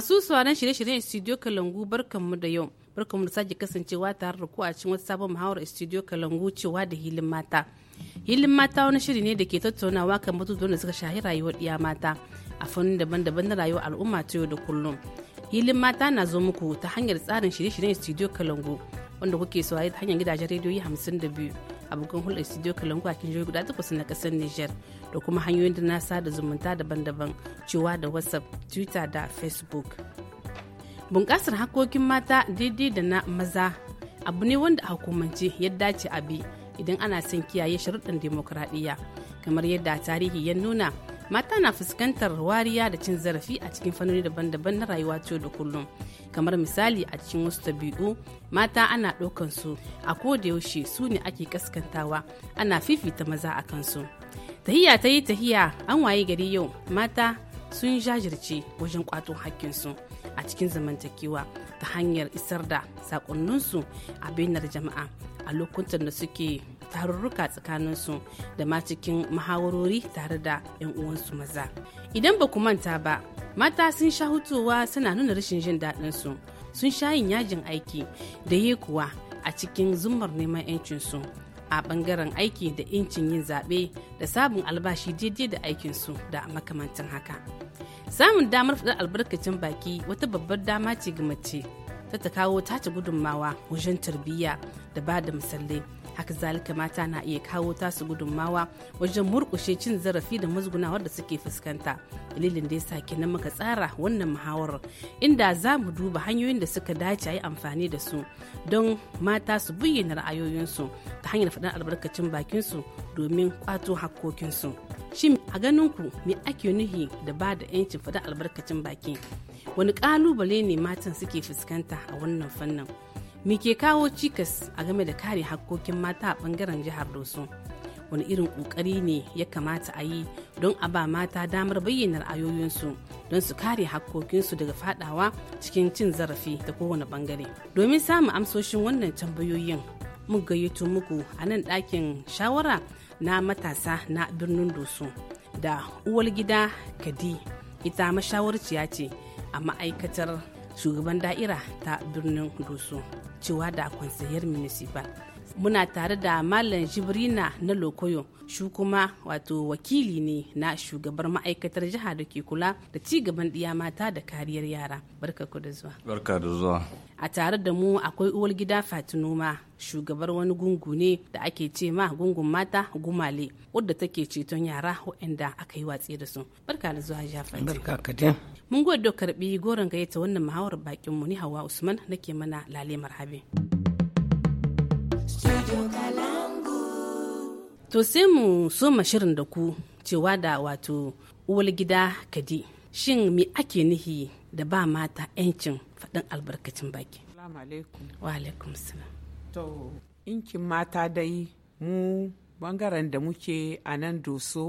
Masu sauraron shirye-shiryen Studio Kalangu barkanmu da yau. Barkanmu da sake kasancewa tare da ku a cikin wata sabon muhawarar Studio Kalangu cewa da hilin mata. Hilin mata wani shiri ne da ke tattaunawa kan batutuwan da suka shahi rayuwar ɗiya mata a fannin daban-daban na rayuwar al'umma ta yau da kullum. Hilin mata na zo muku ta hanyar tsarin shirye-shiryen Studio Kalangu wanda kuke saurari ta hanyar gidajen da biyu. abokan hulɗar studio kalangu a kin guda takwas na ƙasar niger da kuma hanyoyin da na sada zumunta daban-daban cewa da whatsapp twitter da facebook bunƙasar hakokin mata daidai da na maza abu ne wanda a hukumance ya dace a bi idan ana son kiyaye sharuɗan demokuraɗiyya kamar yadda tarihi ya nuna mata na fuskantar wariya da cin zarafi a cikin fannoni daban-daban na rayuwa yau da kullum kamar misali a cikin wasu tabi'u mata ana ɗaukan su a yaushe su ne ake kaskantawa ana fifita maza a kansu tahiya ta yi tahiya an waye gari yau mata sun jajirce wajen kwato hakkinsu a cikin zamantakewa ta hanyar isar da sakonninsu a bainar jama'a a lokutan da suke tarurruka tsakaninsu da ma cikin muhawarori tare da 'yan uwansu maza idan ba ku manta ba mata sun sha hutuwa suna nuna rashin jin daɗinsu sun sha yin yajin aiki da yi kuwa a cikin zumar neman 'yancinsu a ɓangaren aiki da incin yin zaɓe da sabon albashi daidai da aikinsu da makamantan haka samun damar faɗar albarkacin baki wata babbar dama ce ga mace ta ta kawo tace gudunmawa wajen tarbiyya da ba da misalai haka zalika mata na iya kawo tasu gudunmawa wajen murkushe cin zarafi da musgunawar da suke fuskanta dalilin da yasa kenan muka tsara wannan muhawarar inda za mu duba hanyoyin da suka dace a yi amfani da su don mata su bayyana ra'ayoyinsu ta hanyar faɗin albarkacin bakinsu domin kwato hakkokinsu shin a ganin ku me ake nuhi da ba da 'yancin faɗin albarkacin baki wani ƙalubale ne matan suke fuskanta a wannan fannin me ke kawo cikas a game da kare hakkokin mata a bangaren jihar dosu wani irin kokari ne ya kamata a yi don a ba mata damar bayyana ra'ayoyinsu don su kare hakkokinsu daga fadawa cikin cin zarafi da kowane bangare domin samun amsoshin wannan tambayoyin mun gayyato muku a nan ɗakin shawara na matasa na birnin doso da uwar gida kadi ita mashawarciya ce a ma'aikatar shugaban da'ira ta birnin doso cewa da kwansayar municipal muna tare da malam jibrina na lokoyo shi kuma wato wakili ne na shugabar ma'aikatar jiha da ke kula da ci gaban ɗiya mata da kariyar yara barka ku da zuwa barka da zuwa a tare da mu akwai uwar gida fatinoma shugabar wani gungu ne da ake ce ma gungun mata gumale wadda take ceton yara waɗanda aka yi watsi da su barka da zuwa jafa barka ka dai mun gode karbi goron gayyata wannan muhawar bakin mu ni hawa usman nake mana lale marhabi. To sai mu so shirin da ku cewa da wato uwar gida kadi. Shin me ake nihi da ba mata 'yancin faɗin albarkacin baki? Wa alaikum salam. To, inkin mata dai mu bangaren da muke a nan doso,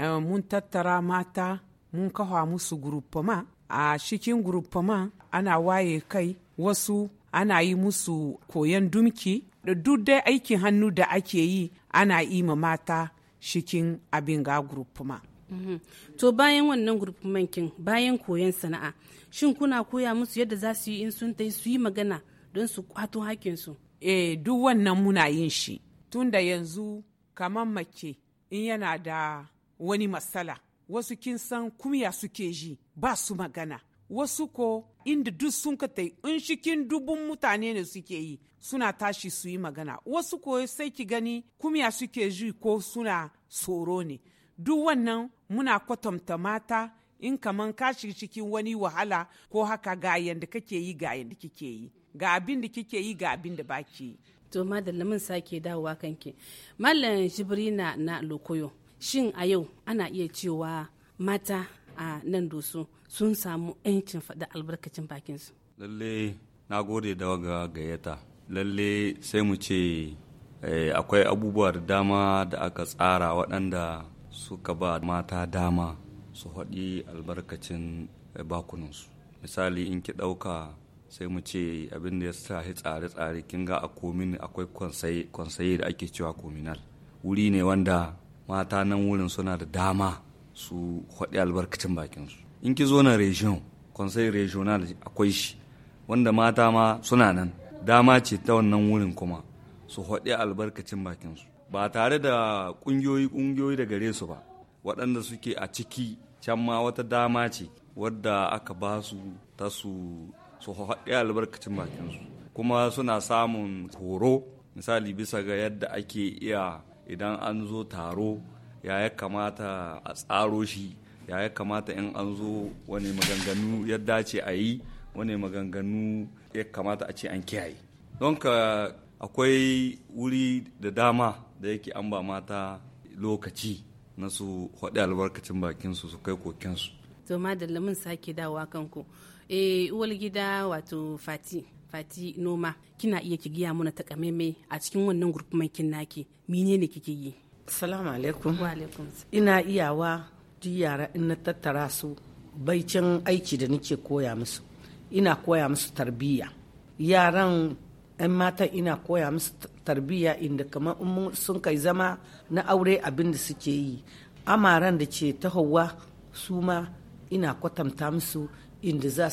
eh, mun tattara mata mun kawa musu gurufama. A cikin gurufama ana waye kai wasu ana yi musu koyon dumki da duk dai aikin hannu da ake yi ana ima mata shikin abin ga gurfuma. Mhm. To bayan wannan kin bayan koyon sana'a shin kuna koya musu yadda za su yi in sun tai su yi magana don su kwato su. Eh duk wannan muna yin shi tun da yanzu kamar mace in yana da wani matsala wasu kin san kumya suke ji ba su magana wasu ko inda duk sun ka tai shikin dubun mutane ne suke yi suna tashi su yi magana wasu ko sai ki gani kumya suke ji ko suna tsoro ne duk wannan muna kwatanta mata in kaman ka shiga cikin wani wahala ko haka ga yanda kake yi ga yanda kike yi ga abin da kike yi ga abin da baki yi to madalla mun sake dawowa kanki mallam jibrina na lokoyo shin a yau ana iya cewa mata a nan doso sun samu 'yancin faɗi albarkacin bakinsu. Lalle na gode da waga gayyata. Lalle sai mu ce eh, akwai abubuwa da dama da aka tsara waɗanda suka ba mata dama su haɗi albarkacin eh, bakuninsu Misali in ki ɗauka sai mu ce abin da ya sa tsare-tsare kin ga a komin akwai kwansaye da ake cewa kominal. Wuri ne wanda mata nan wurin suna da dama su haɗi albarkacin bakinsu. in ki zo na region conseil regional akwai shi wanda mata ma suna nan dama ce ta wannan wurin kuma su haɗe albarkacin bakinsu ba tare da ƙungiyoyi ƙungiyoyi da gare su ba waɗanda suke a ciki can ma wata dama ce wadda aka ba su ta su haɗe albarkacin bakinsu kuma suna samun horo misali bisa ga yadda ake iya idan an zo taro ya ya kamata a tsaro shi ya ya kamata in an zo wani maganganu ya dace a yi wani maganganu ya kamata a ce an kiyaye don ka akwai wuri da dama da yake an ba mata lokaci na su haɗe albarkacin bakinsu su kai kokensu to madalla mun sake dawowa kanku eh uwal gida wato fati fati noma kina iya ki giya mana takamaimai a cikin wannan gurfuman kin naki menene kike yi assalamu alaikum wa alaikum ina iyawa duk yara in na tattara su baicin aiki da nake koya musu ina koya musu tarbiyya yaran 'yan mata ina koya musu tarbiyya inda kamar sun kai zama na aure abin da suke yi amaran da ce tahowa su ma ina kwatanta musu inda za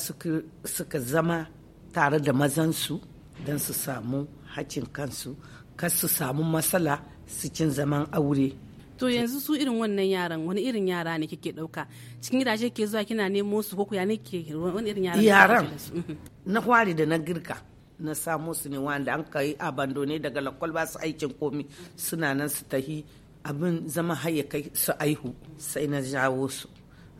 zama tare da mazansu don su samu hacin kansu kar su samu matsala cikin zaman aure to yanzu su irin wannan yaran wani irin yara ne kike dauka cikin gidaje ke zuwa kina nemo su ko ya ne ke wani irin yara yaran mhm. na kwari da na girka na samu su ne wanda an kai abandone daga lakwal ba su aikin komi suna nan su tahi abin zama haye kai su aihu sai na jawo su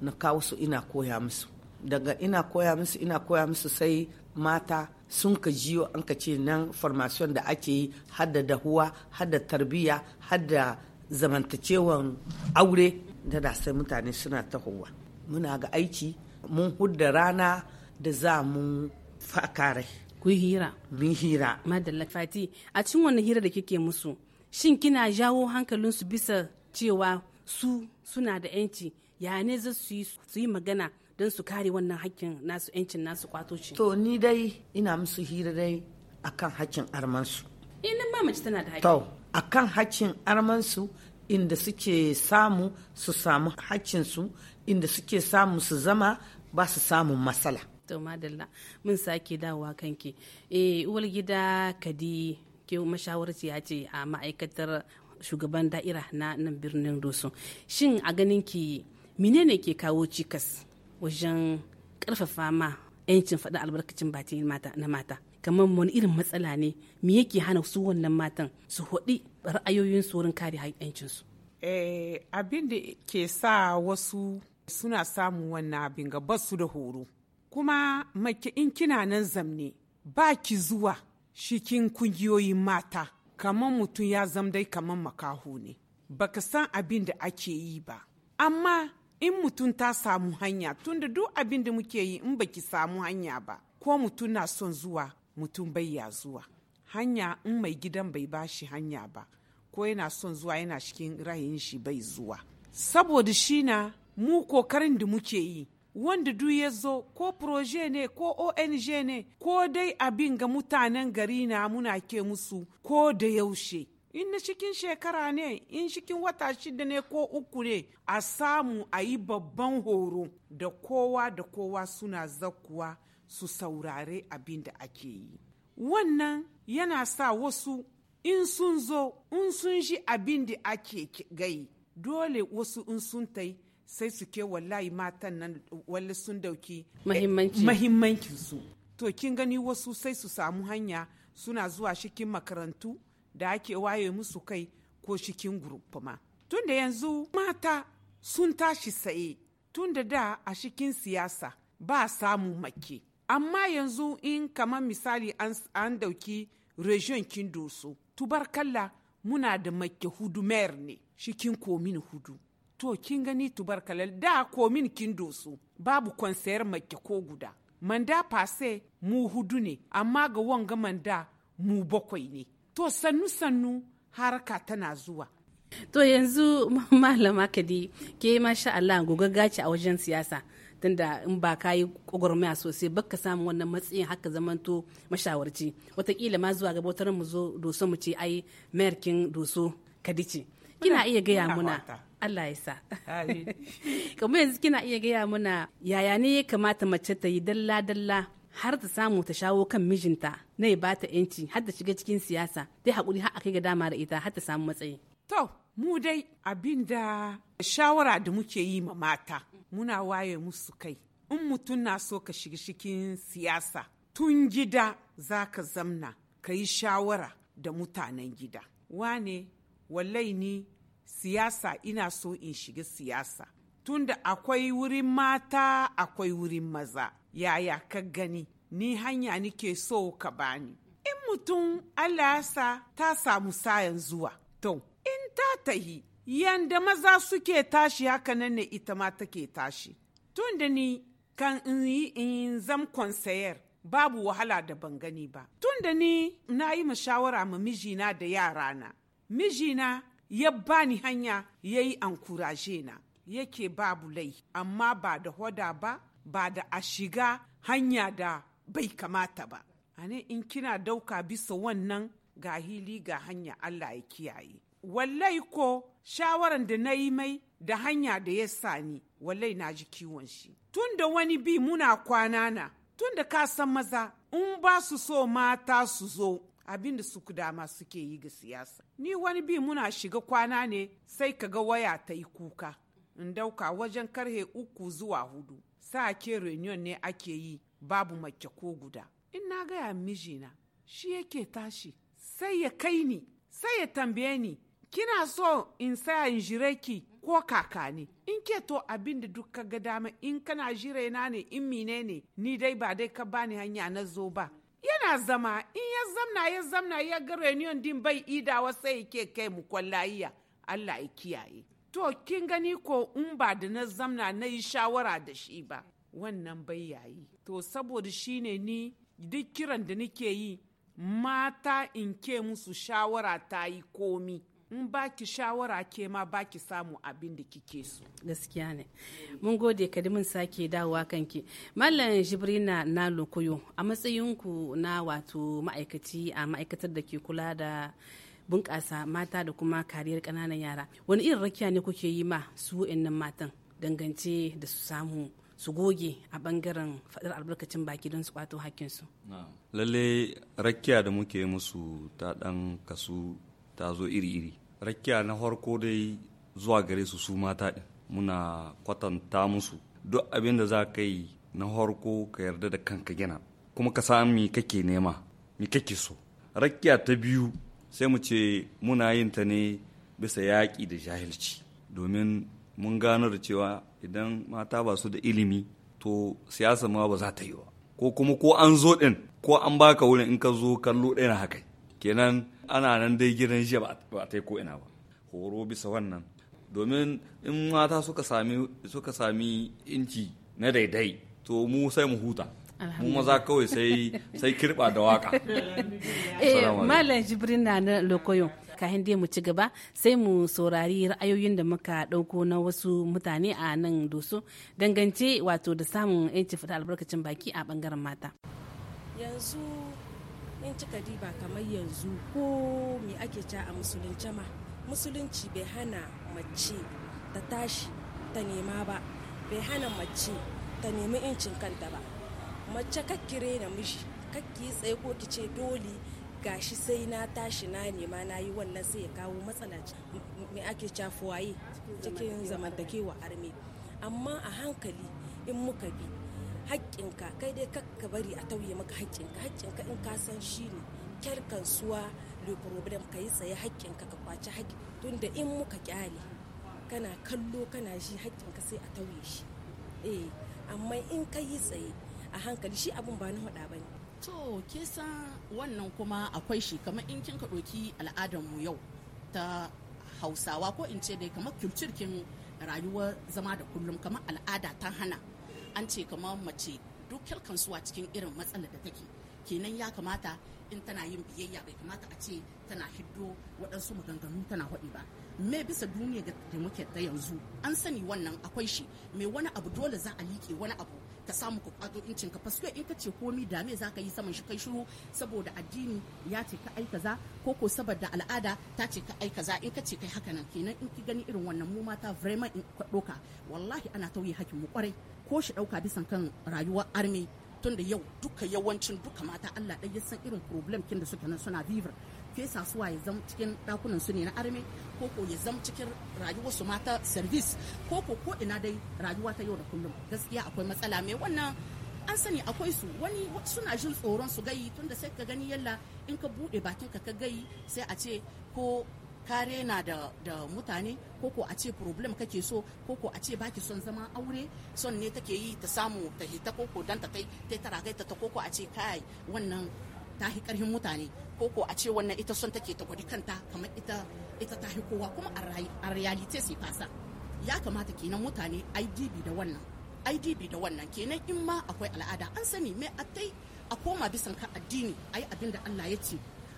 na kawo su ina koya musu daga ina koya musu ina koya musu sai mata sun ka jiyo an ka ce nan formation da ake yi hada dahuwa hada tarbiyya hada. zamantacewan aure da da sai mutane suna tahowa muna ga aiki mun hudda rana da za mu fakare ku hira mun hira madalla fati a cikin wannan hira da kike musu shin kina jawo hankalin su bisa cewa su suna da yanci ya ne za su yi magana don su kare wannan hakkin nasu yancin nasu kwato to ni dai ina musu hira dai akan hakkin armansu ina mamaci tana da hakki a kan haccin armansu inda suke samu su samu haccinsu inda suke samu su zama ba su samun matsala. to madalla mun sake dawowa kanki eh uwar gida kadi ke mashawarci ya ce a ma'aikatar shugaban da'ira na nan birnin doso shin a ganin ki menene ke kawo cikas wajen karfafa ma 'yancin faɗin albarkacin batin na mata kamar wani irin matsala ne me yake hana su wannan matan su hudi ra'ayoyin su kare haƙƙin su eh abin da ke sa wasu suna samu wannan abin ga basu da horo kuma mace in kina nan zamne ba ki zuwa shikin kungiyoyin mata kamar mutum ya zam dai kamar makaho ne baka san abin da ake yi ba amma in mutum ta samu hanya tunda duk abin da muke yi in baki samu hanya ba ko mutum na son zuwa mutum bai ya zuwa hanya in mai gidan bai bashi hanya ba ko yana son zuwa yana cikin rayin shi bai zuwa saboda shi na mu kokarin da muke yi wanda duk ya zo ko proje ne ko ong ne ko dai abin ga mutanen gari na muna ke musu ko da yaushe in na cikin shekara ne in cikin wata shida ne ko uku ne a samu a yi babban horo da kowa da kowa suna zakuwa su saurare abin da ake yi wannan yana sa wasu in sun zo in sun ji abin da ake gai dole wasu in sun tai sai su ke wallahi matan nan wale sun dauki eh, mahimmanci su to kin gani wasu sai su samu hanya suna zuwa shikin makarantu da ake waye musu kai ko shikin tun da yanzu mata sun tashi saye tunda da a shikin siyasa ba samu make amma yanzu in kamar misali an dauki region kin doso tubarkalla muna da makke hudu mayar ne shi kin komin hudu to kin gani tubarkalla da komin kindoso babu kwansayar makke ko guda manda fase mu hudu ne amma ga wanga manda mu bakwai ne to sannu sannu haraka tana zuwa to yanzu malama kadi ke masha Allah gogaggaci a wajen siyasa tunda in ba ka yi gwagwarmaya sosai ka samu wannan matsayin haka zamanto mashawarci watakila ma zuwa gaba mu zo doso mu ce ai merkin doso kadice kina iya gaya muna Allah ya sa kamar yanzu kina iya gaya muna yaya ne ya kamata mace ta yi dalla dalla har ta samu ta shawo kan mijinta na ya bata yanci har ta shiga cikin siyasa dai hakuri har akai ga dama da ita har ta samu matsayi to mu dai abin da shawara da muke yi ma mata muna waye musu kai in mutum na so ka shiga cikin siyasa tun gida za ka zamna ka yi shawara da mutanen gida wane wallai ni siyasa ina so in shiga siyasa tunda akwai wurin mata akwai wurin maza yaya ka gani ni hanya nike so ka bani in mutum allah ya sa ta samu sayan zuwa to in ta tahi yanda maza suke tashi haka nan ne ita ma take tashi tun da ni kan in yi in zam konsayar babu wahala da ban gani ba tun da ni na yi mashawara ma mijina da yara na mijina ya bani hanya ya yi ankuraje na yake babu lai amma ba da hoda ba ba da a shiga hanya da bai kamata ba Ani in kina dauka bisa wannan ga hili ga hanya Allah ya kiyaye wallai ko shawaran da na yi mai da hanya da ya sa ni wallai na ji kiwon shi tun da wani bi muna kwana na tun da ka san maza in ba su so mata su zo abin da su dama suke yi ga siyasa ni wani bi muna shiga kwana ne sai ka ga waya ta yi kuka in dauka wajen karhe uku zuwa hudu sa ke reunion ne ake yi babu mace ko guda in na gaya mijina shi yake tashi sai ya kai ni sai ya tambaye ni kina so in saya in jire ki ko kaka ne in ke to abin da duk ga dama in kana jire na ne in mine ne ni dai ba dai ka bani hanya na zo ba yana zama in ya zamna ya zamna ya ga reunion din bai idawa sai yake kai mu kwallayiya Allah ya kiyaye to kin gani ko in ba da na zamna na yi shawara da shi ba wannan bai yayi to saboda shine ni duk kiran da nake yi mata in ke musu shawara ta yi komi in ki shawara ke ma ba ki samu abin da kike so gaskiya ne mun gode ka mun sake dawowa kanki mallam jibrina na lokoyo a matsayinku na wato ma'aikaci a ma'aikatar da ke kula da bunƙasa mata da kuma kariyar ƙananan yara wani irin rakiya ne kuke yi ma su wa'annan matan dangance da su samu su goge a bangaren faɗar albarkacin baki don su kwato hakkinsu. lalle rakiya da muke musu ta ɗan kasu ta zo iri-iri rakiya na farko dai zuwa gare su su mata ɗin muna kwatanta musu duk abin da za ka yi na farko ka yarda da kanka gina kuma ka san mi kake nema mi kake so rakiya ta biyu sai mu ce muna yin ta ne bisa yaƙi da jahilci domin mun gano da cewa idan mata ba su da ilimi to siyasa ma ba za ta yi ba ko kuma ko an zo ɗin ko an baka wurin in ka zo kallo ɗaya haka kenan ana nan dai gidan jiya ba ta yi ko ina ba horo bisa wannan domin in mata suka sami inci na daidai to mu sai mu huta mu maza kawai sai sai kirba da waka eh malam jibrin na na lokoyo kahin dai mu ci gaba sai mu saurari ra'ayoyin da muka ɗauko na wasu mutane a nan doso dangance wato da samun yanci fita albarkacin baki a bangaren mata yanzu in cika diba kamar yanzu ko me ake ca a musulunce ma musulunci bai hana mace ta tashi ta nema ba bai hana mace ta nemi incin kanta ba mace kakkire na miji kakki tsaye ko ki ce dole gashi sai na tashi na nema na yi wannan sai ya kawo matsala me ake cafuwaye cikin zamantakewa arme amma a hankali in muka bi haƙƙinka kai dai ka bari a tauye maka haƙƙinka haƙƙinka in ka san shi ne kyar kansuwa le problem ka yi tsaye haƙƙinka ka kwaci haƙƙi tunda in muka kyale kana kallo kana shi haƙƙinka sai a tauye shi eh amma in ka yi tsaye a hankali shi abun ba na hada ne. to ke san wannan kuma akwai shi kamar in kin ka ɗauki al'adar mu yau ta hausawa ko in ce dai kamar kulturkin rayuwar zama da kullum kamar al'ada ta hana an ce kamar mace duk kansu a cikin irin matsalar da take kenan ya kamata in tana yin biyayya bai kamata a ce tana hiddo waɗansu maganganu tana haɗi ba me bisa duniya da muke ta yanzu an sani wannan akwai shi me wani abu dole za a liƙe wani abu ka samu ka kwato incin ka in ka ce komi da me za ka yi saman shi kai shiru saboda addini ya ce ka aika za ko ko saboda al'ada ta ce ka aika za in ka ce kai haka nan kenan in ki gani irin wannan mu mata vraiment in ka ɗoka wallahi ana tauye hakkin mu kwarai ko shi ɗauka bisan kan rayuwar armi tun da yau duka yawancin duka mata Allah ɗaya ya san irin problem kin da suke nan suna vivir fesa suwa ya zama cikin ɗakunan su ne na army ko ko ya zama cikin rayuwar su mata service ko ko ko ina dai rayuwa ta yau da kullum gaskiya akwai matsala mai wannan an sani akwai su wani suna jin tsoron su gayi tunda sai ka gani yalla in ka bude bakin ka ka gayi sai a ce ko kare na da, da mutane ko ko a ce problem kake so ko a ce baki son zama aure son ne take yi ta samu ta hita ko ko dan ta kai ta tara ta ko a ce kai wannan ta hi karhin mutane ko a ce wannan ita son take ta gwadi kanta kamar ita ita ta hi kowa kuma a reality sai fasa ya kamata kenan mutane IDB da wannan IDB da wannan kenan in ma akwai al'ada an sani me a tai a koma bisan ka addini ai abin da Allah ya ce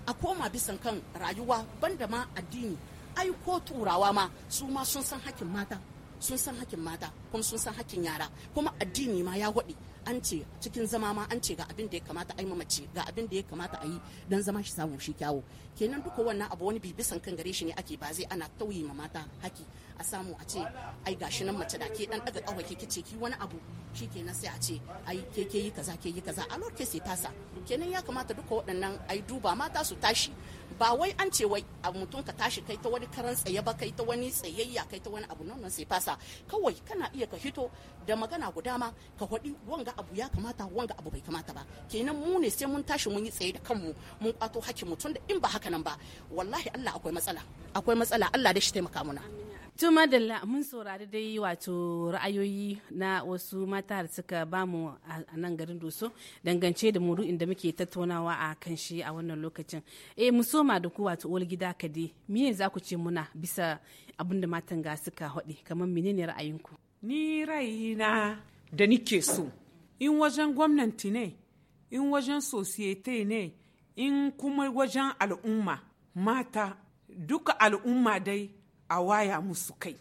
a koma bisan kan rayuwa banda ma addini ai ko turawa ma su ma sun san hakkin mata sun san hakkin mata kuma sun san hakkin yara kuma addini ma ya waɗi an ce cikin zama ma an ce ga abin da ya kamata a yi mamaci ga abin da ya kamata a yi don zama shi samu shi kyawu kenan duka wannan abu wani bibisan kan gare shi ne ake ba zai ana tauye ma mata haki a samu a ce ai gashi nan mace da ke dan daga kawa ke kice ki wani abu shi kenan sai a ce ai ke ke yi kaza ke yi kaza a lorke sai tasa kenan ya kamata duka waɗannan ai duba mata su tashi ba wai an ce wai a mutum ka tashi kai ta wani karan tsaye ba kai ta wani tsayayya kai ta wani abu nan sai fasa kawai kana iya ka hito da magana guda ma ka hodi wanga abu ya kamata wanga abu bai kamata ba kenan mu ne sai mun tashi mun yi tsaye da kanmu mun kwato hakkin tun da in ba haka nan ba wallahi Allah akwai matsala akwai matsala Allah da shi taimaka muna To madalla mun saurari dai wato ra'ayoyi na wasu mata da suka bamu a nan garin Doso dangance da muru'in da muke tattaunawa a kan shi a wannan lokacin. Eh mu soma da ku wato uwar gida dai me za ku ce muna bisa abin da matan ga suka haɗe kamar ne ra'ayinku? Ni ra'ayina da nike so in wajen gwamnati ne in wajen societe ne in kuma wajen al'umma mata duka al'umma dai a waya musu kai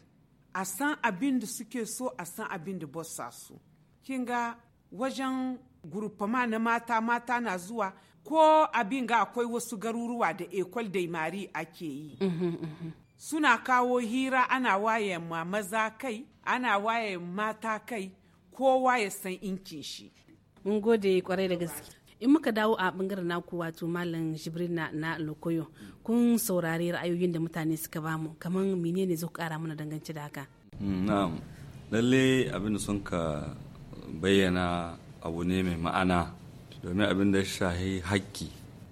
a san abin da suke so a san abin da bossa su kin ga wajen gurfama na mata mata na zuwa ko abin ga akwai wasu garuruwa da ekol daimari ake yi mhm, mhm. suna kawo hira ana waye ma maza kai ana waye mata kai kowa ya san inkin shi mun gode kwarai da gaske in muka dawo a bangaren naku wato malam jibril na, na lokoyo kun saurari ra'ayoyin da mutane suka bamu kamar menene zai kara mana dangance da haka mm, na'am lalle abin da sun ka bayyana abu ne mai ma'ana domin abin da shahi hakki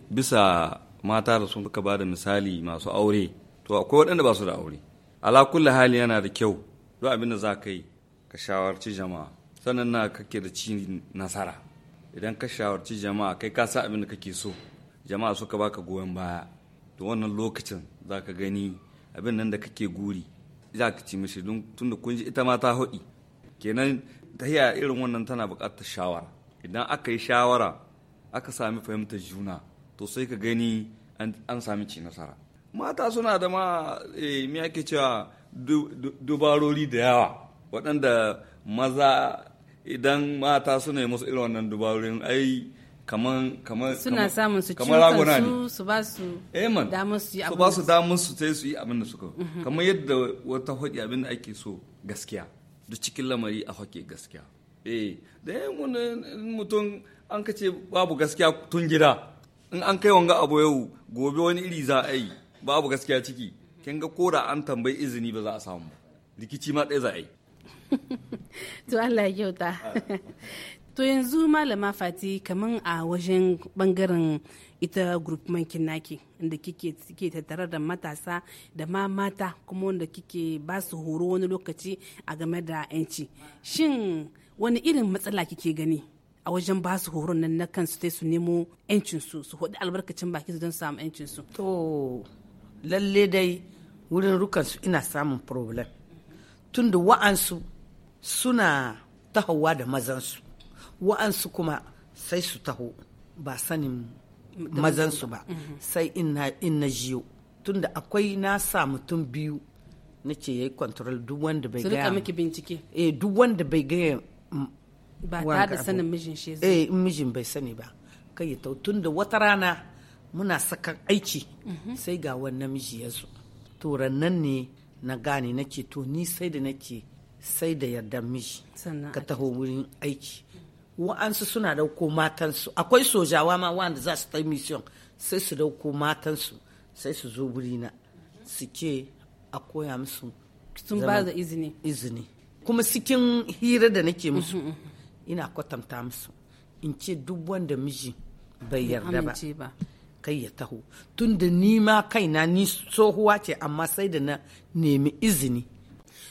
bisa mata da sun ka bada misali masu aure to akwai waɗanda ba su da aure ala kulli hali yana da kyau duk abin da za ka yi ka shawarci jama'a sannan na kake da ci nasara idan ka shawarci jama'a kai ka sa abin da kake so jama'a suka baka goyon baya to wannan lokacin za ka gani abin nan da kake guri za ka ci mishi tun da kunji ita ma ta haɗi kenan tahiya irin wannan tana buƙatar shawara idan aka yi shawara aka sami fahimtar juna to sai ka gani an sami ci nasara mata suna da ma eh, me ake cewa dubarori da yawa waɗanda maza idan mata su ne musu irin wannan dubarun ai kamar kaman suna samun su ciwon su su ba su eh, damar su su ba su damar su ta su yi abin da suka mhm. kamar yadda wata hoki abin da ake so gaskiya duk cikin lamari a hoki gaskiya eh da yan mutum an ka ce babu gaskiya tun gida in an kai wanga abu yau gobe wani iri za a yi babu gaskiya ciki kin ga koda an tambayi izini ba za a samu rikici ma ɗaya za a yi to Allah ya kyauta to yanzu malama fati kaman a wajen bangaren ita group mankin naki inda kike ke tattare da matasa da ma mata kuma wanda kike ba su horo wani lokaci a game da yanci shin wani irin matsala kike gani a wajen ba su horon nan na kansu sai su nemo yancin su su hudu albarkacin baki su don samu yancin su to lalle dai wurin rukansu ina samun problem tunda wa'ansu suna tahowa da mazansu wa'ansu kuma sai su taho ba sanin mazansu ba mm-hmm. sai in na jiyo tunda akwai na sa mutum biyu na ce ya yi control duk wanda bai gaya miki bincike eh duk wanda bai gaya ba ta da sanin mijin shi eh in mijin bai sani ba kai ya tun da wata rana muna sakan aiki mm-hmm. sai ga wannan miji ya zo to rannan ne na gane nake to ni sai da nake sai da yarda miji ka taho wurin aiki wa'ansu suna dauko matansu akwai sojawa ma wanda za su mission sai su dauko matansu sai su zo wurina ke a koya musu sun ba da izini izini kuma cikin hira da nake musu mm-hmm, mm-hmm. ina kwatanta musu in ce duk wanda miji bai yarda ba kai tunda ni ma kaina ni tsohuwa ce amma sai da na nemi izini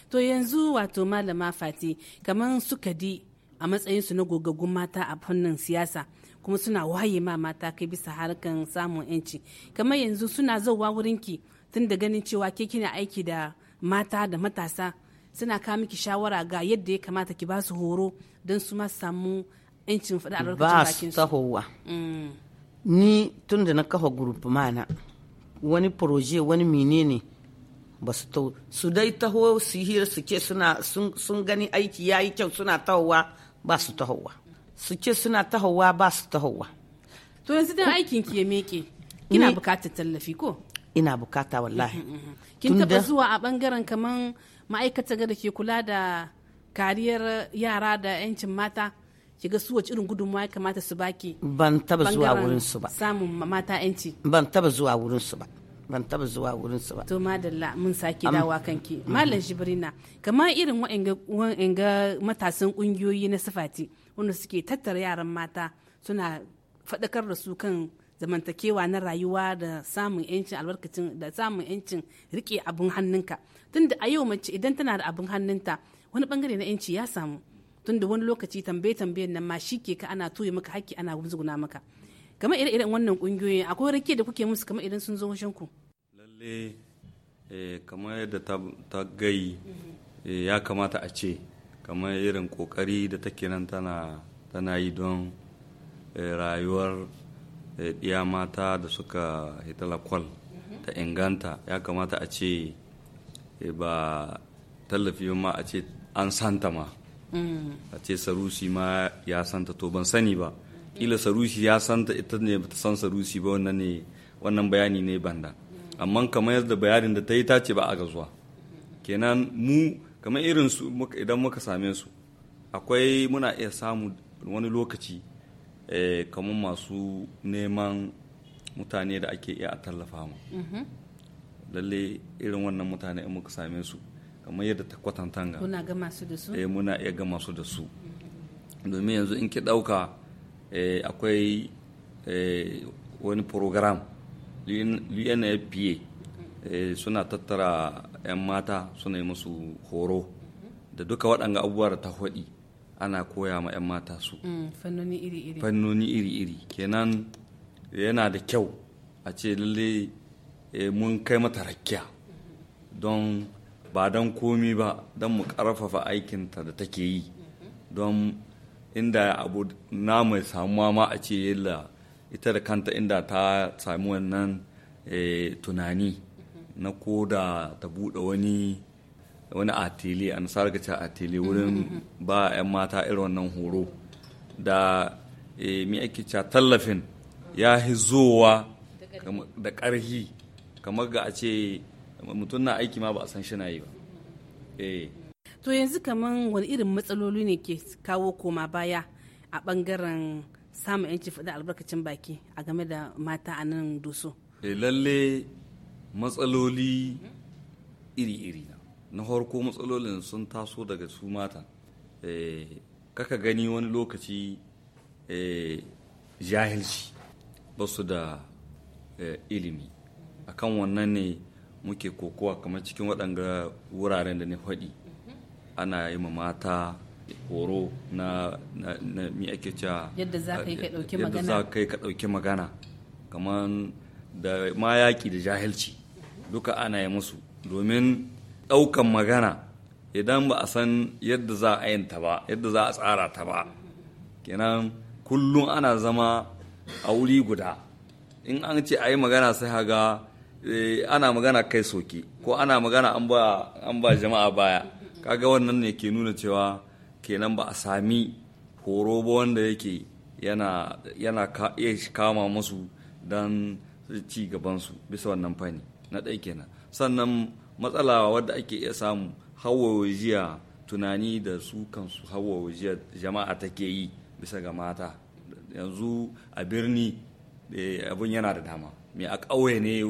to yanzu wato malama fati kamar suka di a matsayinsu na gogaggun mata a fannin siyasa kuma suna waye ma mata kai bisa harkan samun yanci kamar yanzu suna zauwa wurinki tun da ganin cewa ke kina aiki da mata da matasa suna kawo miki shawara ga yadda ya kamata ki ba su horo don su ma samu yancin faɗa lokacin bakin su ni tun da na kafa gurup mana wani proje wani menene ba su taho su dai taho su hira su ke suna sun gani aiki ya yi kyau suna tahowa ba su tahowa su ke suna tahowa ba su tahowa to yanzu dan aikin ki ya meke kina bukatar tallafi ko ina bukata wallahi mm-hmm, mm-hmm. kin taba zuwa a bangaren kaman ma'aikatar da ke kula da kariyar yara da 'yancin mata ki ga su wace irin gudunmawa ya kamata su baki ban taba zuwa wurin su ba samun mata yanci ban taba zuwa wurin su ba ban taba zuwa wurin su ba to madalla mun sake dawa kanki mhm. malam jibrina kamar irin wa'in ga matasan kungiyoyi na sifati wanda suke tattara yaran mata suna faɗakar da su kan zamantakewa na rayuwa da samun yancin albarkacin da samun yancin rike abun hannunka tunda a yau mace idan tana da abun hannunta wani bangare na yanci ya samu tunda wani lokaci tambaye tambayen nan ma shi ke ka ana toye maka hakki ana zuguna maka kamar ire iren wannan kungiyoyin akwai rake da kuke musu kamar idan sun zo wajen ku lalle eh, kamar yadda ta gai eh, ya kamata a ce kamar irin kokari da take nan tana yi don eh, rayuwar ɗiya mata da suka hitalakwal ta inganta ya kamata a ce ba tallafi ma a ce an santa ma Mm. a ce sarusi ma ya santa to ban sani ba kila sarusi ya santa ita ne bata san sarusi ba wannan bayani ne banda amma kamar yadda bayanin da ta yi ta ce ba a zuwa kenan mu kamar irin su idan muka same su akwai muna iya samu wani lokaci eh, kamar masu neman mutane da ake iya a tallafa mu mm-hmm. lalle irin wannan mutane in muka same su kamar yadda ta kwatantanga kuna da su eh muna iya ga masu da su domin yanzu in ki dauka eh, akwai eh, wani program UNFPA eh, suna tattara 'yan mata suna yi musu horo da duka waɗanga abubuwa da ta ana koya ma 'yan mata su mm, fannoni iri-iri kenan yana da kyau a ce lalle mun kai mata rakiya don ba don komi ba don mu karfafa aikinta da take yi don inda abu na mai samuwa ma a ce yalla ita da kanta inda ta sami wannan eh, tunani na ko da ta bude wani wani atelier a nasarar gace atili wurin ba 'yan mata irin wannan horo da eh, mi ake cewa tallafin ya hizowa da ƙarfi kamar ga a ce mutum na aiki ma ba a san shi na yi ba eh. to yanzu kamar wani irin matsaloli ne ke kawo koma baya a bangaren samun yanci faɗa albarkacin baki a game da mata a nan doso eh lalle matsaloli iri-iri na harko matsalolin sun taso daga su mata eh, kaka gani wani lokaci eh, jahilci ba su da ilimi akan wannan ne muke kokowa kamar cikin waɗanga wuraren da ni faɗi ana yi ma mata horo na mi ake cewa yadda za ka yi ka ɗauki magana kamar da ma yaƙi da jahilci duka ana yi musu domin ɗaukan magana idan ba a san yadda za a yin ta ba yadda za a tsara ta ba kenan kullum ana zama a wuri guda in an ce a yi magana sai haga Eh, ana magana kai soki ko ana magana an ba jama'a baya kaga wannan ne ke nuna cewa kenan ba a sami horo ba wanda yake yana iya kama musu don ci gabansu bisa wannan fani na ɗai kenan sannan matsala wadda ake iya samu hawa jiya tunani da su kansu hawa jiya jama'a take yi bisa ga mata yanzu a birni eh, abin yana da dama mai a ƙauye ne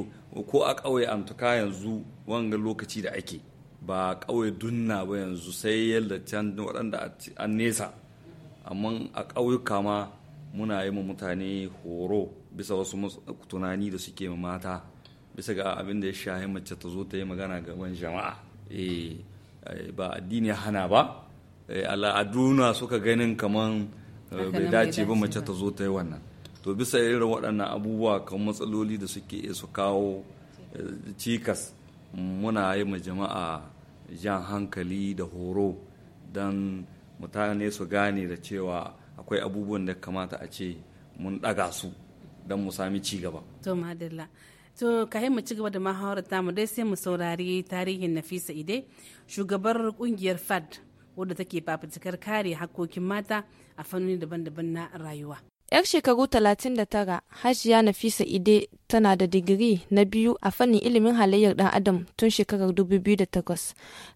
ko a ƙauye amtuka yanzu wanga lokaci da ake ba ƙauye dunna ba yanzu sai yadda can waɗanda an nesa amma a ƙauyuka ma muna yi mutane horo bisa wasu tunani da suke mata bisa ga abin da ya shahi mace ta zo ta yi magana gaban jama'a eh, eh, ba addini ya hana ba eh, al'aduna suka ganin kaman bai dace ba mace ta zo ta yi wannan to bisa irin waɗannan abubuwa kan matsaloli da suke su kawo eh, cikas muna yi ma jama'a jan hankali da horo don mutane su gane da cewa akwai abubuwan da kamata a ce mun ɗaga su don mu sami ci gaba. To madalla. To mu ci gaba da ta mu dai sai mu saurari tarihin Nafisa Ide, shugabar kungiyar FAD wadda take fafutukar kare hakkokin mata a fannoni daban-daban na rayuwa. 'Yar shekaru talatin da tara, Hajiya Nafisa Ide tana da digiri na biyu a fannin ilimin halayyar ɗan adam tun shekarar da takwas,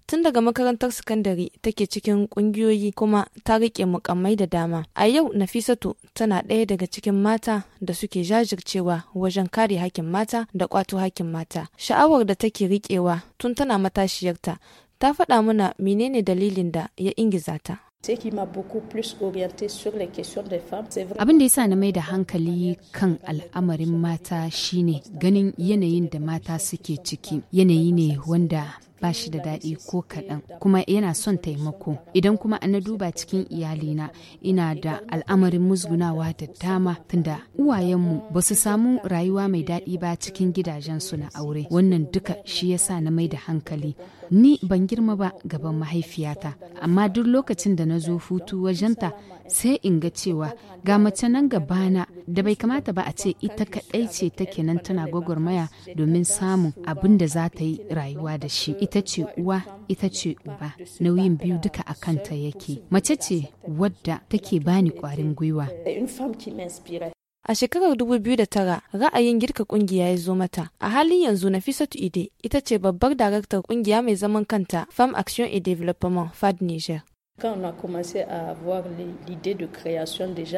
Tun daga makarantar sakandare take cikin ƙungiyoyi kuma ta riƙe mukammai da dama. A yau Nafisatu tana ɗaya daga cikin mata da suke jajircewa wajen kare hakkin mata da ƙwato hakkin mata. Sha'awar da take riƙewa tun tana matashiyarta ta faɗa mana menene dalilin da ya ingizata? ta. Abin da ya sa na mai da hankali kan al'amarin mata shine ganin yanayin da mata suke ciki yanayi ne wanda ba shi da daɗi ko kaɗan kuma yana son taimako idan kuma na duba cikin iyalina ina da al'amarin musgunawa da dama tunda uwayenmu ba su samu rayuwa mai daɗi ba cikin gidajensu na aure wannan duka shi ya sa na mai da hankali ni ban girma ba gaban mahaifiyata amma duk lokacin da na zo hutu wajenta sai in ga cewa ga mace nan gabana da bai kamata ba a ce ita kaɗai ce take nan tana gwagwarmaya domin samun abin da za ta yi rayuwa da shi ita ce uwa ita ce uba nauyin biyu duka a kanta yake mace ce wadda take bani ƙwarin gwiwa A shekarar 2009 ra'ayin girka kungiya ya zo mata. A halin yanzu Nafisatu Ide ita ce babbar daraktar kungiya mai zaman kanta Farm Action and Development FAD Niger.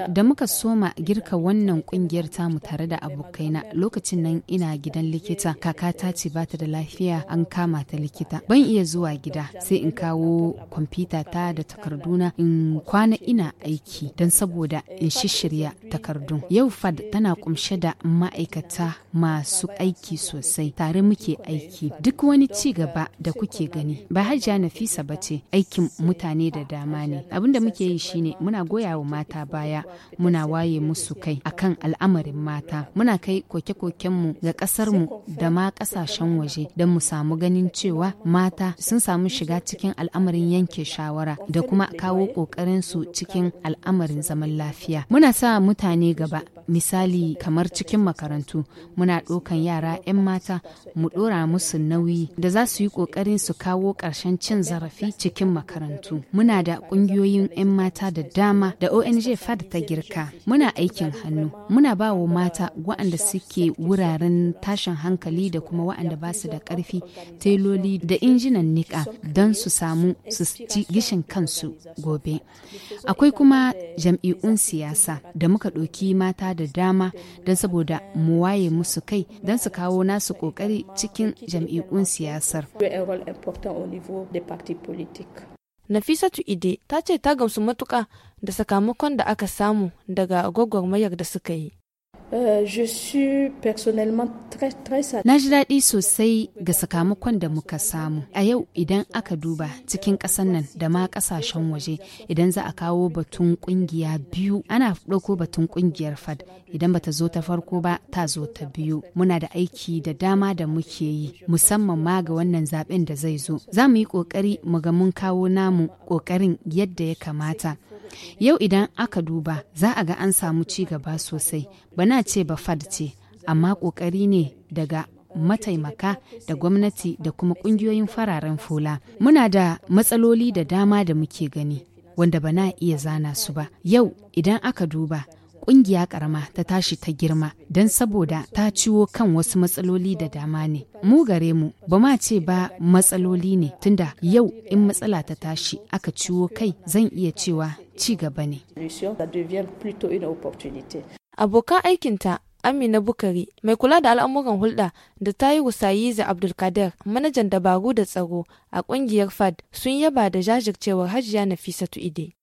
Da muka soma girka wannan kungiyar tamu tare da abokaina lokacin nan ina gidan likita kaka ta ce ba ta da lafiya an kama ta likita. Ban iya zuwa gida sai in kawo kwamfuta ta da takarduna in kwana ina aiki don saboda in shishirya takardun. Yau FAD tana kumshe da ma'aikata masu aiki sosai tare muke aiki. Duk wani ci gaba da kuke gani ba hajiya Nafisa ba ce aikin mutane da dama ne abinda muke yi shine muna goya wa mata baya muna waye musu kai akan al'amarin mata muna kai koke-kokenmu ga ƙasarmu da ma ƙasashen waje don mu samu ganin cewa mata sun samu shiga cikin al'amarin yanke shawara da kuma kawo ƙoƙarinsu cikin al'amarin zaman lafiya muna sa mutane gaba misali kamar cikin makarantu muna ɗaukan yara 'yan mata mu ɗora musu nauyi da za su yi ƙoƙarin su kawo ƙarshen cin zarafi cikin makarantu muna da ƙungiyoyin 'yan mata da dama da ong fad ta girka muna aikin hannu muna ba wa mata waɗanda suke wuraren tashin hankali da kuma waɗanda ba su da ƙarfi teloli da injinan niƙa don su samu su ci gishin kansu gobe akwai kuma jam'i'un siyasa da muka ɗauki mata da da dama don saboda mu waye musu kai don su kawo nasu kokari cikin jam'i'un siyasar. Nafisatu Ide ta ce ta gamsu matuka da sakamakon da aka samu daga gwagwarmayar da suka yi. Euh, Na ji daɗi sosai ga sakamakon da muka samu. A yau idan aka duba cikin ƙasar nan da ma ƙasashen waje idan za a kawo batun ƙungiya biyu ana ɗauko batun ƙungiyar FAD idan bata zo ta farko ba ta zo ta biyu. Muna da aiki da dama da muke yi musamman ma ga wannan zaɓen da zai zo. Za mu yi ƙoƙari mu ga mun kawo namu ƙoƙarin yadda ya kamata. Yau idan aka duba za a ga an samu ci gaba sosai, bana ce ba fad ce, amma ƙoƙari ne daga mataimaka da gwamnati da kuma ƙungiyoyin fararen fula. Muna da matsaloli da dama da muke gani, wanda bana iya zana su ba. Yau idan aka duba kungiya karama ta tashi ta girma don saboda ta ciwo kan wasu matsaloli da dama ne mu gare mu ba ma ce ba matsaloli ne tunda yau in matsala ta tashi aka ciwo kai zan iya cewa ci gaba ne abokan aikinta Amina Bukari, mai kula da al'amuran hulɗa da ta yi Sayiza Abdulkader, manajan dabaru da tsaro a ƙungiyar FAD sun yaba da jajircewar Hajiya Nafisatu Ide.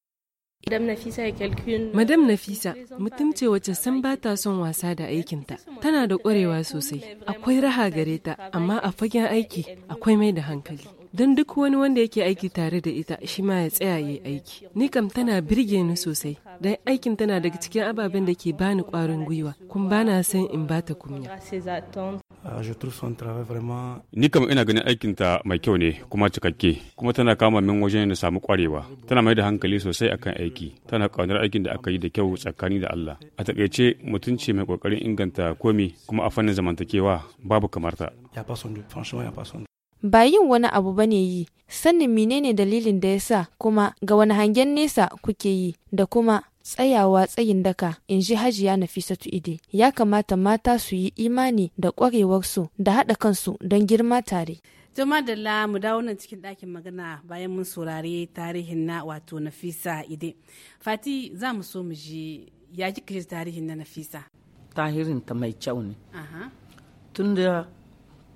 Madam Nafisa mutum ce wacce san ba ta son wasa da aikinta. Tana da ƙwarewa sosai. Akwai raha gare ta, amma a fagen aiki akwai mai da hankali. don duk wani wanda yake aiki tare da ita shi ma ya tsaya ya aiki ni kam tana birge ni sosai don aikin tana daga cikin ababen da ke bani kwarin gwiwa kun bana san in ba ta kunya ah, Ni kam ina ganin aikinta mai kyau ne kuma cikakke kuma tana kama min wajen da samu kwarewa tana mai da hankali sosai akan aiki tana kaunar aikin da aka yi da kyau tsakani da Allah a takaice mutunci mai kokarin inganta komi kuma a fannin zamantakewa babu kamarta. ba yin wani abu ba ne yi sannin menene dalilin da ya sa kuma ga wani hangen nesa kuke yi da kuma tsayawa tsayin daka in ji hajiya nafisatu ide ya kamata mata su yi imani da ƙwarewarsu da haɗa kansu don girma tare jama da la mu dawo nan cikin ɗakin magana bayan mun saurari tarihin na wato nafisa ide fati za mu so mu ji ya ji tarihin na nafisa tahirin ta mai kyau ne tunda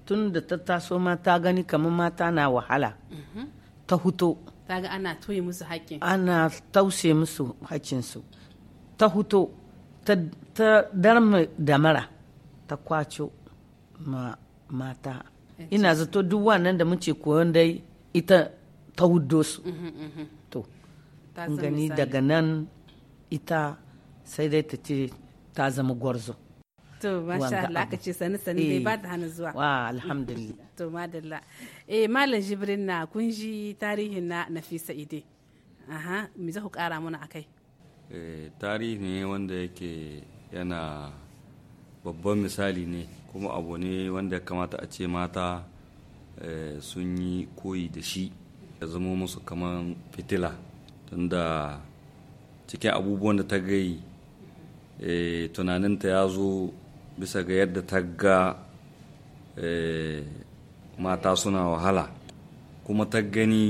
tun da ta taso ma ta gani kamar mata na wahala mhm. ta huto ta ga ana toye musu hakkin ana tause musu hakkinsu ta huto ta darma damara ta kwaco ma mata ina zato duk wannan da muke koyon dai ita ta huddo su mhm, mhm. to gani daga nan ita sai dai ta ce ta zama gwarzo to masha Allah aka ce sani sani bai eh. ba da hana zuwa wa alhamdulillah to madalla eh malam jibrin na kun ji tarihin na nafisa ide aha me za ku kara mana akai eh tarihi ne wanda yake yana babban misali ne kuma abu ne wanda ya kamata a ce mata eh, sun yi koyi da shi ya zama musu kamar fitila tunda cikin abubuwan da ta gai eh, tunaninta ya zo bisa ga yadda ta ga eh, mata suna wahala kuma ta gani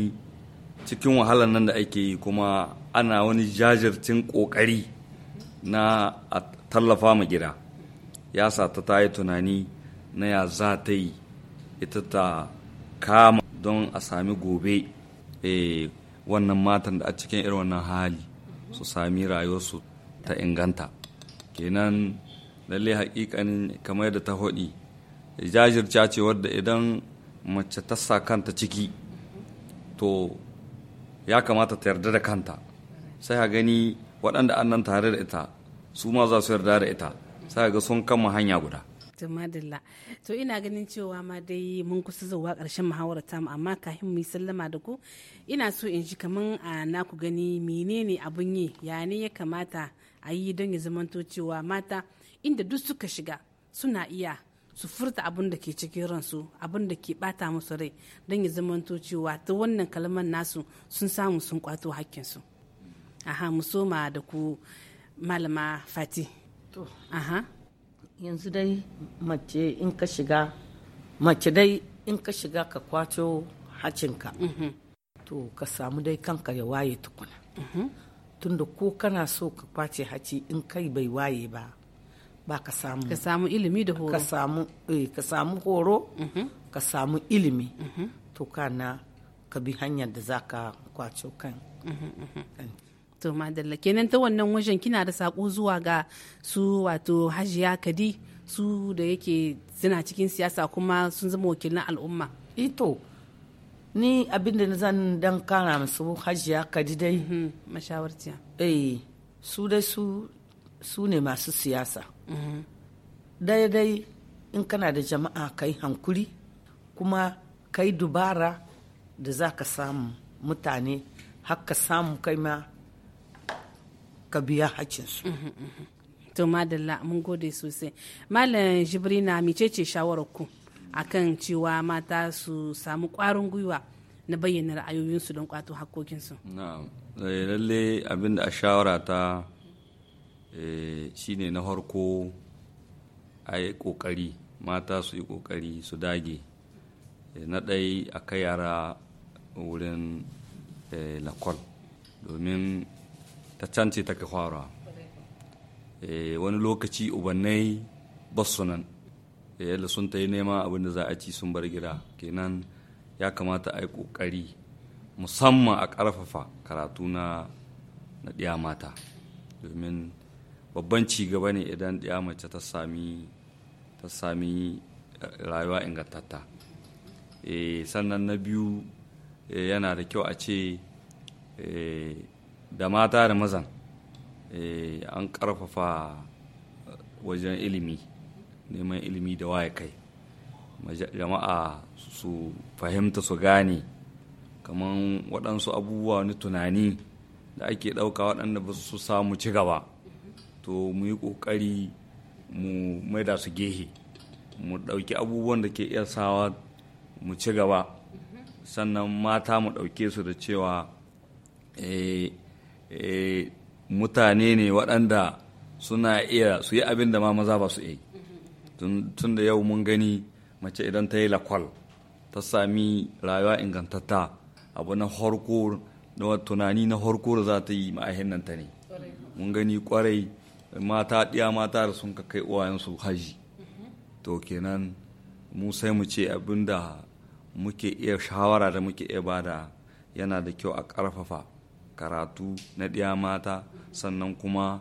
cikin wahalar nan da ake yi kuma ana wani jajircin ƙoƙari na a tallafa ma gida ya sa ta ta yi tunani na ya za ta yi ita ta kama don a sami gobe eh, wannan matan da a cikin irin wannan hali su sami rayuwarsu ta inganta kenan lalle haƙiƙanin kamar da ta hodi jajirca ce wadda idan mace ta sa kanta ciki to ya kamata ta yarda da kanta sai ha gani waɗanda an nan tare da ita su ma za su yarda da ita sai ga sun kama hanya guda madalla to ina ganin cewa ma dai mun kusa zuwa ƙarshen muhawarar tamu amma kafin mu yi sallama da ku ina so in ji kaman a naku gani menene abun yi ya ne ya kamata a yi don ya zamanto cewa mata inda duk suka shiga suna iya su furta abin da ke cikin ransu abin da ke bata musu rai don ya zamanto cewa ta wannan kalmar nasu sun samu sun kwato hakkinsu aha musoma da ku malama fati aha yanzu dai mace in ka shiga mace dai in ka shiga ka kwato hacinka mhm. to ka samu dai kanka ya waye tukuna mhm. tunda ko kana so ka kwace haci in kai bai waye ba ba ka samu ka samu ilimi da horo ka samu eh ka samu horo mhm. ka samu ilimi mhm. to kana ka bi hanyar da za ka kwaco kan mhm, to madalla kenan ta wannan wajen kina da sako zuwa ga su wato hajiya kadi su da yake suna cikin siyasa kuma sun zama wakilin al'umma ito eh ni abinda da zan dan kara musu hajiya kadi dai mashawarciya eh su da su su ne masu siyasa dai in kana da jama'a kai hankuri kuma kai dubara da za ka samu mutane haka samu kai ma ka biya hacinsu mhm, mhm. to madalla mun gode sosai malam jibrina micece shawarar ku akan cewa mata su samu kwarin gwiwa na bayyana ra'ayoyinsu don kwato hakkokinsu. Eh, lalle abin a shawara ta Eh, shine na harko a yi ƙoƙari mata su yi ƙoƙari su dage eh, na ɗai a kai yara wurin eh, lakol domin ta cance ta ka fara wani lokaci ubannai basu nan yadda sun ta yi nema abinda za a ci sun bar gida kenan ya kamata a yi ƙoƙari musamman a ƙarfafa karatu na ɗiya mata domin babban ci gaba ne idan ya mace ta sami ta sami eh, rayuwa ingantatta eh, sannan na biyu eh, yana da kyau a ce da mata da mazan an karfafa wajen ilimi neman ilimi da waye kai jama'a su fahimta su gane kamar waɗansu abubuwa na tunani da ake ɗauka waɗanda ba su samu ci gaba to mu yi ƙoƙari mu maida su gehe mu ɗauki abubuwan da ke iya sawa mu ci gaba sannan mata mu ɗauke su da cewa eh, eh, mutane ne waɗanda suna iya su yi abin da ma maza ba su yi tun da yau mun gani mace idan ta yi lakwal ta sami rayuwa ingantatta abu na harko da tunani na harko da za ta yi ma'ahin ta ne mun gani kwarai mata ɗiya mata da sun ka kai uwayensu haji to kenan mu sai mu ce abinda muke iya shawara da muke iya bada yana da kyau a karfafa karatu na ɗiya mata sannan kuma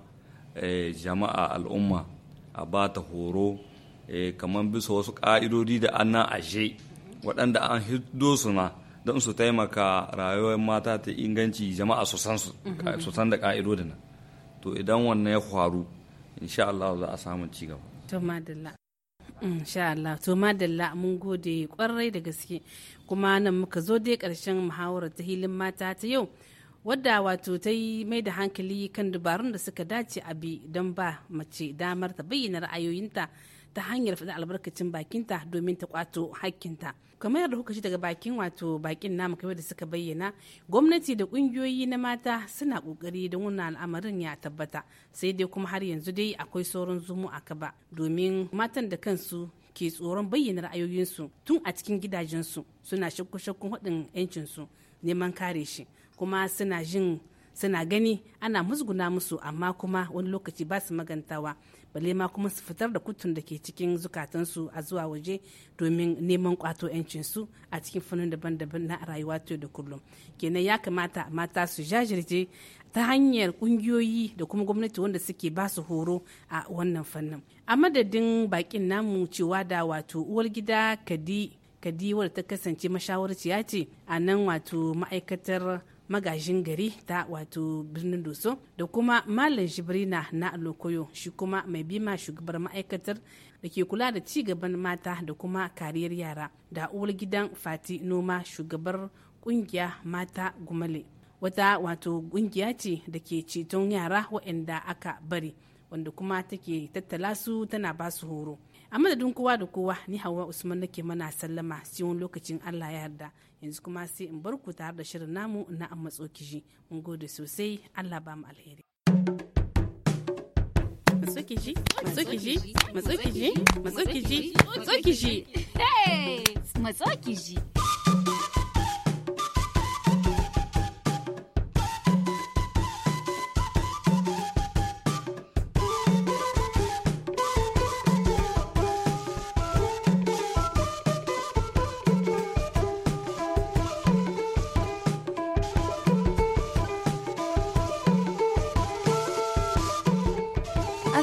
eh, jama'a al'umma a ba ta horo eh, kamar bisa wasu ƙa'idodi da an na ashe waɗanda an hiddo su na don su taimaka rayuwar mata ta inganci jama'a su san da ƙa'idodin nan to idan wannan ya faru insha Allah za a samu ci gaba to madalla insha Allah to madalla mun gode kwarai da gaske kuma nan muka zo dai karshen muhawarar ta hilin mata ta yau wadda wato ta yi mai da hankali kan dabarun da suka dace a bi don ba mace damar ta bayyana ra'ayoyinta ta hanyar faɗin albarkacin bakinta domin ta kwato hakkinta. kamar yadda kuka shi daga bakin wato bakin namu kamar da suka bayyana gwamnati da kungiyoyi na mata suna kokari don wannan al'amarin ya tabbata sai dai kuma har yanzu dai akwai sauran zumu a kaba domin matan da kansu ke tsoron bayyana ra'ayoyinsu tun a cikin gidajensu suna shakku-shakkun haɗin 'yancinsu neman kare shi kuma suna jin suna gani ana musguna musu amma kuma wani lokaci ba su magantawa balle ma kuma su fitar da kutun da ke cikin zukatansu a zuwa waje domin neman kwato yancinsu a cikin fannin daban-daban na rayuwa ta da kullum kenan ya kamata mata su jajirje ta hanyar kungiyoyi da kuma gwamnati wanda suke ba su horo a wannan fannin a madadin bakin namu cewa da wato uwar gida kadi ta kasance mashawarci ya ce a nan wato ma'aikatar magajin gari ta wato birnin doso da kuma malam jibrina na lokoyo shi kuma mai bima shugabar ma'aikatar da ke kula da ci gaban mata da kuma kariyar yara da uwar gidan fati noma shugabar kungiya mata gumale wata wato kungiya ce da ke ceton yara waɗanda aka bari wanda kuma take tattala su tana ba su horo a madadin kowa da kowa ni hawa usman nake mana sallama siyon lokacin allah ya yarda yanzu kuma sai in bar ku tare da shirin namu na amma tsokiji mun gode sosai allah ba mu alheri matsokiji matsokiji matsokiji matsokiji matsokiji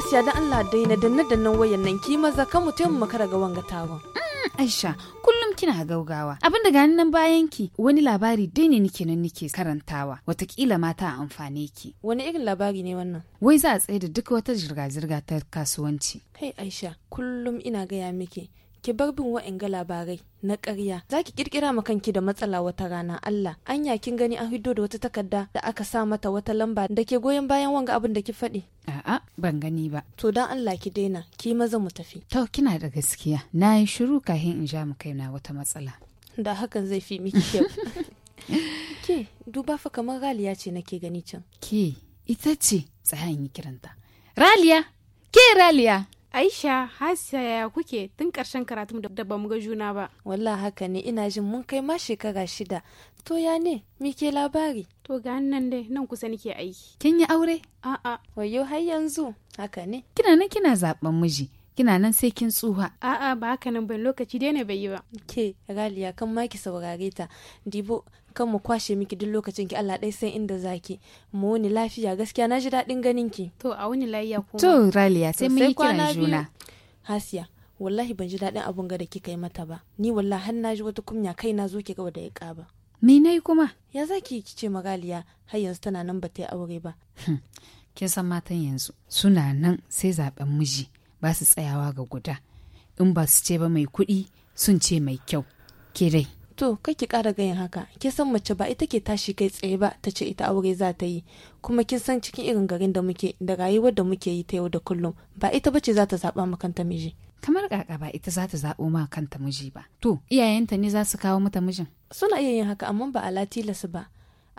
gaskiya da Allah na danna dannan wayan nan ki maza kan mu taimu makara ga wanga tawon. Mm, Aisha kullum kina gaugawa abin da gani nan bayan ki wani labari dai ne nike nan nike karantawa watakila mata a amfane ki. Wani irin labari ne wannan? Wai za a tsaye da duk wata zirga-zirga ta kasuwanci. Kai Aisha kullum ina gaya miki ki bar bin wa'anga labarai na ƙarya za ki kirkira ma kanki da matsala wata rana Allah anya kin gani an hiddo da wata takarda da aka sa mata wata lamba da ke goyon bayan wanga abin da ki faɗi a'a ban gani ba to dan Allah ki daina ki maza mu tafi to kina da gaskiya na yi shiru kafin in ja mu kaina wata matsala da hakan zai fi miki kyau ke duba fa kamar raliya ce nake gani can ke ita ce tsayan kiranta raliya ke raliya Aisha Hasiya yaya kuke tun karshen karatun da bamu ga juna ba. Wallah haka ne ina jin mun kai ma shekara shida. To ya ne mi ke labari? To ga nan dai nan kusa nake aiki. Kin yi aure? A'a. Wayo har yanzu haka ne. Kina nan kina zaben miji. kina nan sai kin tsuha a'a ba haka nan ban lokaci daina bai yi ba ke raliya kan ma ki saurare ta dibo kan mu kwashe miki duk lokacin ki Allah dai san inda zaki mu wuni lafiya gaskiya na ji daɗin ganin ki to a wuni lafiya ko. to raliya sai mun yi kiran juna hasiya wallahi ban ji daɗin abun ga da kika yi mata ba ni wallahi har na ji wata kunya kai na zo ki ga da ya ƙaba me nayi kuma ya zaki ki ce magaliya har yanzu tana nan ba ta yi aure ba hm, kin san matan yanzu suna nan sai zaben miji ba su tsayawa ga guda in ba su ce ba mai kuɗi sun ce mai kyau ke dai to kai ki ƙara gayin haka ke san mace ba ita ke tashi kai tsaye ba ta ce ita aure za ta yi kuma kin san cikin irin garin da muke da rayuwar da muke yi ta yau da kullum ba ita bace za ta zaɓa ma kanta miji kamar kaka ba ita za ta zaɓo ma kanta miji ba to iyayenta ne za su kawo mata mijin suna iya yin haka amma ba a latilasu ba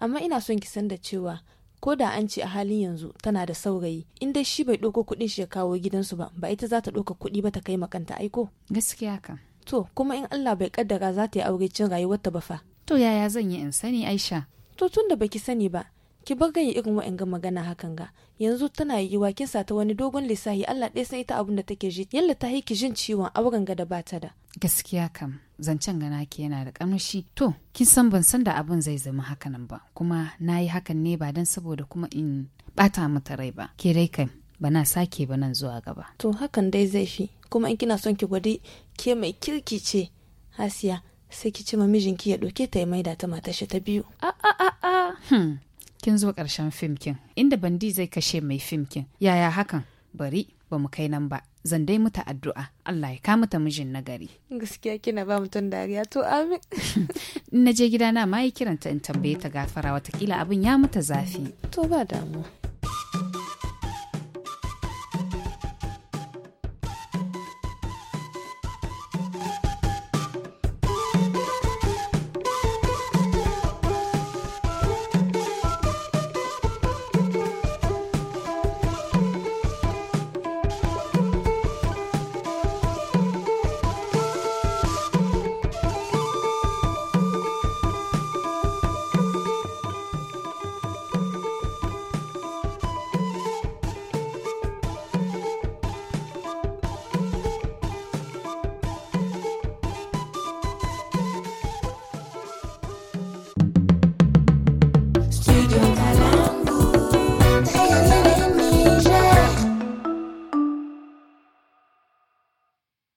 amma ina son ki san da cewa ko da an ce a halin yanzu tana da saurayi in dai shi bai ɗauko kuɗin shi ya kawo gidansu ba ba ita za ta ɗauka kuɗi ba ta kai makanta aiko gaskiya ka to kuma in Allah bai kaddara za ta yi aure cin rayuwarta ba fa to yaya zan yi in sani Aisha to tun da baki sani ba ki bar gayi irin wa'anga magana hakan ga yanzu tana yi kin sa ta wani dogon lissahi Allah ɗaya san ita abin da take ji yalla ta ki jin ciwon auren ga da bata da gaskiya kam zancen gana ke yana da kamshi to kin san ban san da abin zai zama hakanan ba kuma na yi hakan ne ba dan saboda kuma in bata mata rai ba ke dai kai bana sake ba nan zuwa gaba to hakan dai zai fi kuma in kina son ki gwadi ke mai kirki ce hasiya sai ki ce ma mijinki ya ɗauke ta ya maida ta matar ta biyu a a a a kin zo ƙarshen fimkin inda bandi zai kashe mai fimkin yaya hakan bari ba mu kai nan ba zan dai muta addu'a Allah ya ka muta mijin na gari gaskiya kina ba mutum dariya to amin na je gidana ma yi kiranta in tambaye ta gafara watakila abin ya muta zafi to ba damuwa